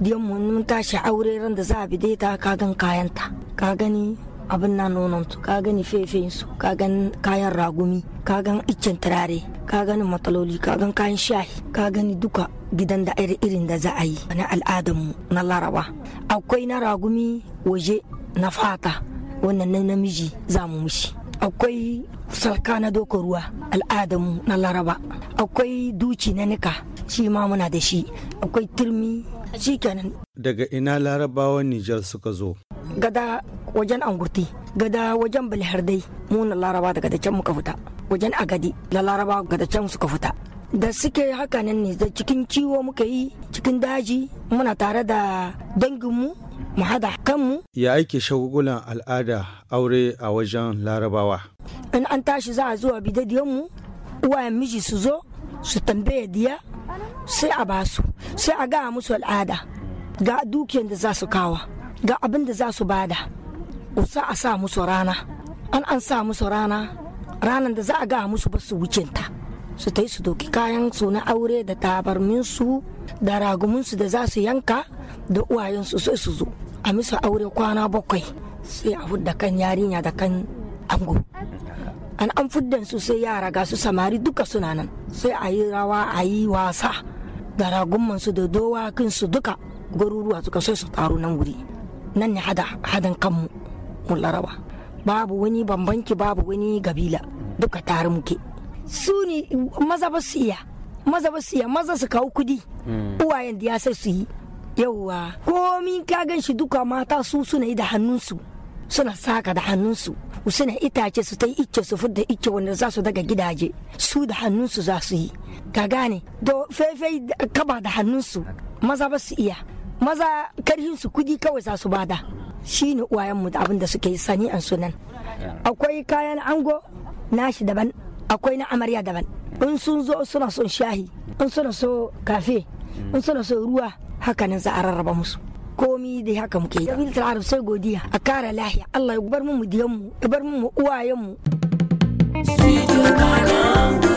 diyanmu mun tashi aure ran da za a bide ta ka gan kayanta ka gani abin na su ka gani su ka gani kayan ragumi ka gan iccen turare ka gani matsaloli ka gan kayan shayi ka gani duka gidan da irin da za a yi na al'adarmu na laraba akwai na ragumi waje na fata wannan na namiji za mu mushi akwai salka na doka ruwa al'adarmu na laraba akwai duci na nika shi ma muna da shi akwai turmi kenan. daga ina larabawan Nijar suka zo gada wajen angurti gada wajen balhardai muna laraba daga da can muka fita wajen agadi da laraba daga can suka fita da suke haka nan ne da cikin ciwo muka yi cikin daji muna tare da danginmu mu hada kanmu ya aike shagugulan al'ada aure a wajen larabawa in an tashi za a zuwa bidadiyanmu uwa miji su zo su tambaye diya sai a basu sai a gaya musu al'ada ga dukiyar da za su kawa ga abin da za su bada usa a sa musu rana an an sa musu rana ranar da za a gaya musu ba su wucinta su ta yi su doki kayan su na aure da tabarminsu da raguminsu da za su yanka da uwayensu sai su zo a musu aure kwana bakwai sai a hudda kan yarinya da kan ango an an fuddan su sai yara ga su samari duka suna nan sai a yi rawa a yi wasa da ragunman su da dowakin su duka garuruwa suka sai su taru nan guri nan ne hada hadan kanmu mun laraba babu wani bambanki babu wani gabila duka tare muke su ne maza ba su iya maza ba su iya maza su kawo kudi hmm. uwayen da ya sai su yi yauwa komin ka gan shi duka mata su suna yi da hannunsu suna saka da hannunsu suna itace su ta yi icce su fudda icce wanda za su daga gidaje su da hannunsu za su yi ga gane da faifai kaba da hannunsu maza ba su iya maza karhin su kudi kawai za su bada shi ne uwayenmu da abin da suke sani an sunan akwai kayan ango nashi daban akwai na amarya daban in sun zo suna son shahi in suna so kafe in suna so ruwa hakanan za a rarraba musu كومي دي حكم كي قبيله العرب سو جوديا اكار لاحيا الله يكبر مو مديمو يكبر مو وايمو سيدو